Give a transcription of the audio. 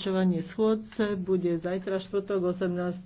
Pokračovanie schôdce bude zajtra štvrtok 18.